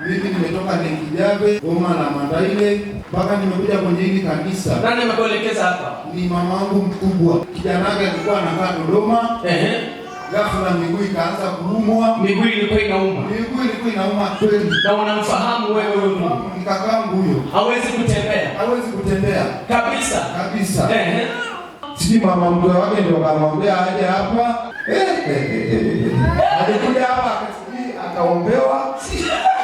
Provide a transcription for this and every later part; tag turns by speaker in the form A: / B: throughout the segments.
A: Mimi nimetoka Nekijave Goma na Mandaile mpaka nimekuja kwenye hili kanisa.
B: Nani amekuelekeza hapa?
A: Ni mama wangu mkubwa. Kijana wake alikuwa anakaa Dodoma. Ehe. Ghafla miguu ikaanza kuumwa.
B: Miguu ilikuwa inauma.
A: Miguu ilikuwa inauma kweli.
B: Na unamfahamu wewe huyo? Ni
A: Nikakaangu huyo.
B: Hawezi kutembea.
A: Hawezi kutembea. Kabisa. Kabisa. Ehe. Si mama mkwe wake ndio akamwambia aje hapa. Eh. eh, eh, eh Alikuja hapa akasubiri akaombewa. Si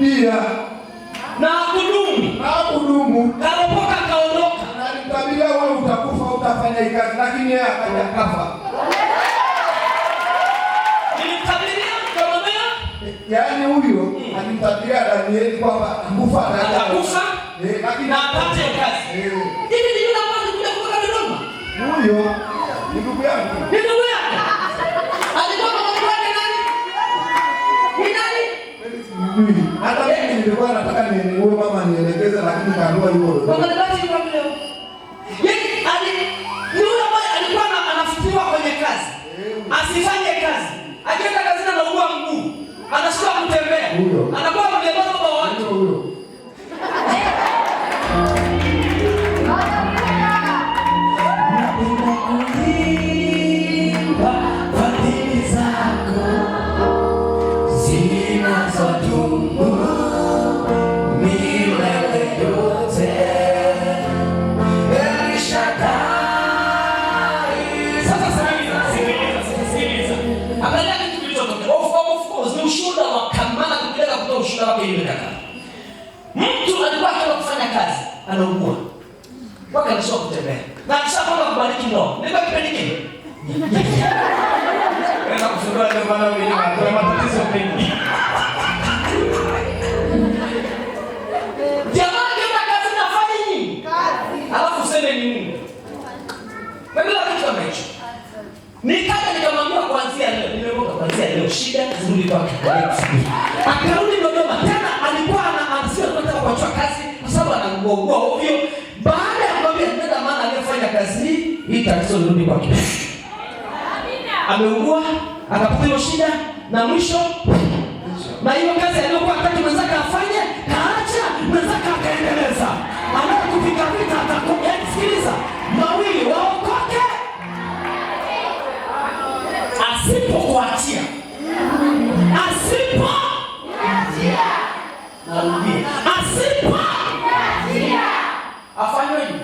A: pia
B: na kudumu,
A: na kudumu.
B: Karopoka kaondoka,
A: na nitabia wewe utakufa, utafanya ikazi, lakini yeye akaja kafa. yaani huyo hmm. alimtabiria Danieli kwamba kufa
B: atakufa, eh, lakini apate kazi. Eh. Hivi ndio nafasi kuja kutoka Dodoma
A: huyo Nitaamua hiyo.
B: Umekaribati kwa leo. Yaani ali yule ambaye alikuwa kwenye kazi. Asifanye kazi. Akienda mguu. kutembea. Anakuwa mlemavu kwa
A: watu. anaumwa waka nisio kutembea na kisa mwaka kubariki mno nima kipindi kini wenda kufungua leo maana wili kwa matatizo mengi jamaa kama kazi nafanya nini alafu useme ni nini mimi la kitu kama hicho nikaja nikamwambia kuanzia leo nimemwona kuanzia leo shida kwa kwa akarudi kuokoa ovyo, baada ya kuambia tena maana aliyofanya kazi hii hii, tatizo lirudi kwake. Ameugua akapata hiyo shida, na mwisho na hiyo kazi aliyokuwa akati mwenzake afanye, kaacha mwenzake akaendeleza. Anayekupika vita atakuja. Yaani sikiliza, mawili waokoke, asipokuachia asipo, asipo. 啊，三月一。